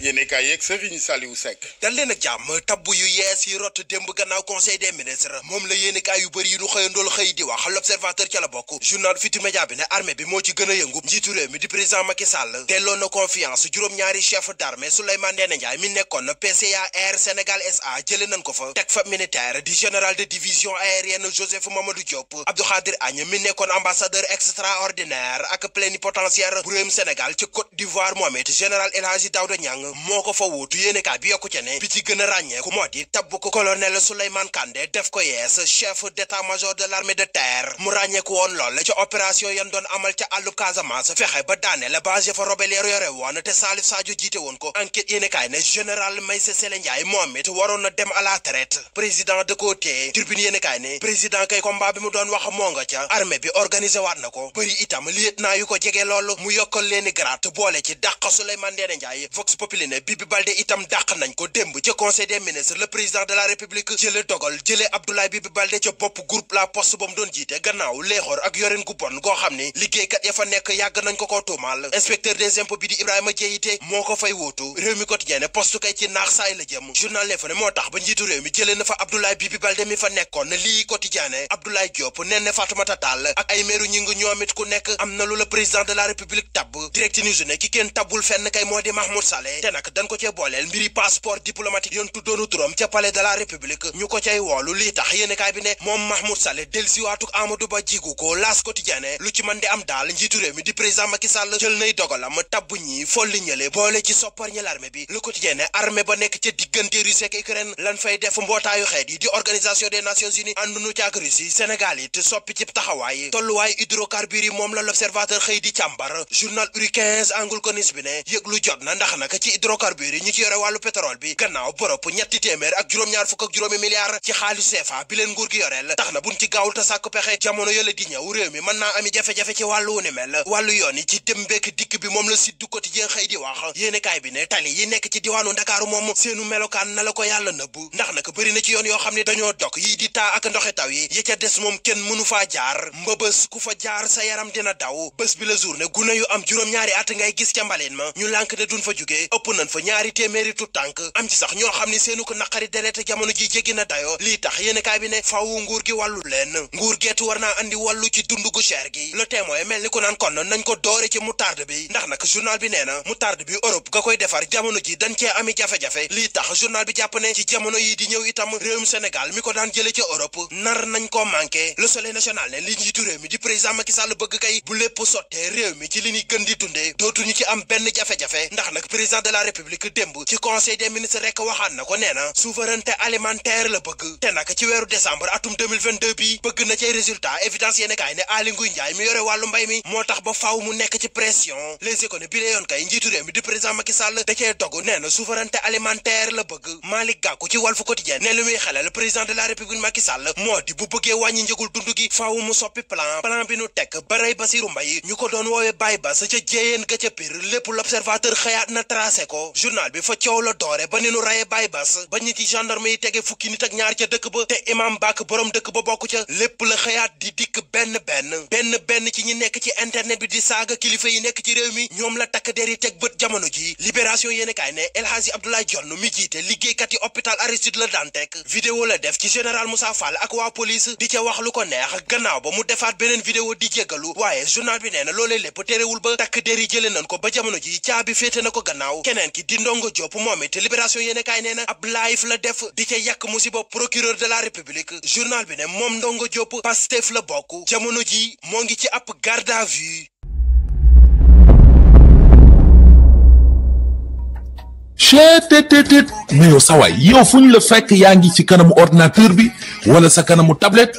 yéene kaay yeeg Serigne Saliou Seck dal leen ak jàmm tabb yu yees yi rot démb gannaaw conseil des ministres moom la yéene kaay yu bëri yi nu xëyandool xëy di wax l'observateur ca la bokk journal Futurs Médias armée bi moo ci gën a yëngu njiitu réew mi di président Macky Sall delloo na confiance juróom-ñaari chef d'armée Souleymane Ndéné Ndiaye mi nekkoon PCA Air Sénégal SA jële nañ ko fa teg fa militaire di général de division aérienne Joseph Mamadou Diop Abdou Khadir Agne mi nekkoon ambassadeur extraordinaire ak plénipotentiaire bu réewum Sénégal ci moom it général El moo ko fa wuutu yéene kaay bi yokku ca ne bi ci gën a ràññeeku moo di tabb ko colonel Souleymane Kandé def ko yees chef d'état-major de l'armée de terre mu ràññeeku woon lool la ca opération yan doon amal ca àllub Casamance fexe ba daane la base ya fa rebelle yore woon te Salif Sadio jiite woon ko enquête yéene ne général Maïssa Sélé Ndiaye waroon na dem à la traite président de côté tribune yéene ne président kay combat bi mu doon wax moo nga fàttali ne Bibi itam dàq nañ ko démb ci conseil des ministres le président de la république jële dogal jële Abdoulaye Bibi Baldé ca bopp groupe La Poste ba mu doon jiite gannaaw léexoor ak yorin gu bon goo xam ni liggéeykat ya fa nekk yàgg nañ ko koo tuumaal inspecteur des impôts bi di Ibrahima Diéyité moo ko fay wóotu réew mi quotidien ne poste kay ci naax saay la jëm journal Le Fane moo tax ba njiitu réew mi jëlee na fa Abdoulaye Bibi Baldé mi fa nekkoon loolee nag dañ ko cee booleel mbiri passeport diplomatique yoon tuddoonu turam ca palais de la république ñu ko cay woolu lii tax yéenekaay bi ne moom Mahmoud Saleh dellusiwaatuk Amadou Ba jigu ko L'As Quotidien lu ci mën di am daal njiitu réew mi di président Macky Sall jël nay dogalam tabb ñi folli ñële boole ci soppar ñi l'armée bi le Quotidien armée ba nekk ca diggante Russie ak Ukraine lan fay def mbootaayu xeet yi di organisation des nations unies àndunu caak hydrocarbures yi ñi ci yore wàllu pétrole bi gannaaw bërëb ñetti téeméer ak juróom-ñaar fukk ak juróomi milliards ci xaalis CFA bi leen nguur gi yoreel tax na buñ ci gaawul te sàkku pexe jamono yële di ñëw réew mi mën naa ami jafe-jafe ci wàllu wu mel wàllu yoon yi ci dem bekk dikk bi moom la Sud du Quotidien xëy di wax yéenekaay bi ne tali yi nekk ci diwaanu Ndakaaru moom seenu melokaan na la ko yàlla nëbb ndax nag bëri na ci yoon yoo xam ne dañoo dog yii di taa ak ndoxe taw yi ya moom kenn mënu faa jaar mbëbës ku fa jaar sa yaram dina daw bés bi la journée gune yu am juróom-ñaari at ngay gis ca mbalin ma ñu lànk ne duñ fa jugee ëpp nañ fa ñaari téeméeri tu tànk am ci sax ñoo xam ne seenu ko naqari deret jamono ji jéggi na dayo lii tax yéenekaay bi ne faawu nguur gi wàllu leen nguur geetu war naa andi wàllu ci dund gu cher gi le témoin mel ni ku naan kon nañ ko doore ci moutarde bi ndax nag journal bi nee na moutarde bi Europe ga koy defar jamono ji dañ cee ami jafe-jafe lii tax journal bi jàpp ne ci jamono yi di ñëw itam réewum Sénégal mi ko daan jële ca Europe nar nañ ko manqué le soleil national ne li njiitu réew mi di président Macky Sall bëgg kay bu lépp sottee réew mi ci li gën di dundee dootuñu ci am benn jafe la république démb ci conseil des ministres rek waxaan na ko nee souveraineté alimentaire la bëgg te nag ci weeru décembre atum 2022 bi bëgg na cay résultat évidence yéen kaay ne Aly Ngouille Ndiaye yore wàllu mbay mi moo tax ba faaw mu nekk ci pression les économies bi la yoon kay njiitu mi di président Macky Sall da cee dogu nee souveraineté alimentaire la bëgg Malick Gakou ci Walf Quotidien ne li muy xelal président de la république ko journal bi fa coow la doore ba ni nu rayee Baye Bass ba ñi ci gendarme yi tege fukki nit ak ñaar ca dëkk ba te imam Bakk borom dëkk ba bokk ca lépp la xëyaat di dikk benn benn benn benn ci ñi nekk ci internet bi di saaga kilifa yi nekk ci réew mi ñoom la takk der yi teg bët jamono ji libération yéen kaay ne El Hadji Abdoulaye Dione mi jiite liggéeykat yi hôpital Aristide Le Dantec vidéo la def ci général Moussa Fall ak waa police di ca wax ko neex gannaaw ba mu defaat beneen vidéo di jéggalu waaye journal bi nee na loolee lépp ba takk der yi jëlee nañ ko ba jamono ji caabi féete na ko gannaaw keneen ki di ndongo Diop moom it libération yéen a kaay nee na ab live la def di ca yàq musiba procureur de la république journal bi ne moom ndongo Diop Pastef la bokk jamono ji moo ngi ci ab garde à vue chetttt mais yow sa waay yow fu ñu la fekk yaa ngi ci kanamu ordinateur bi wala sa kanamu tablette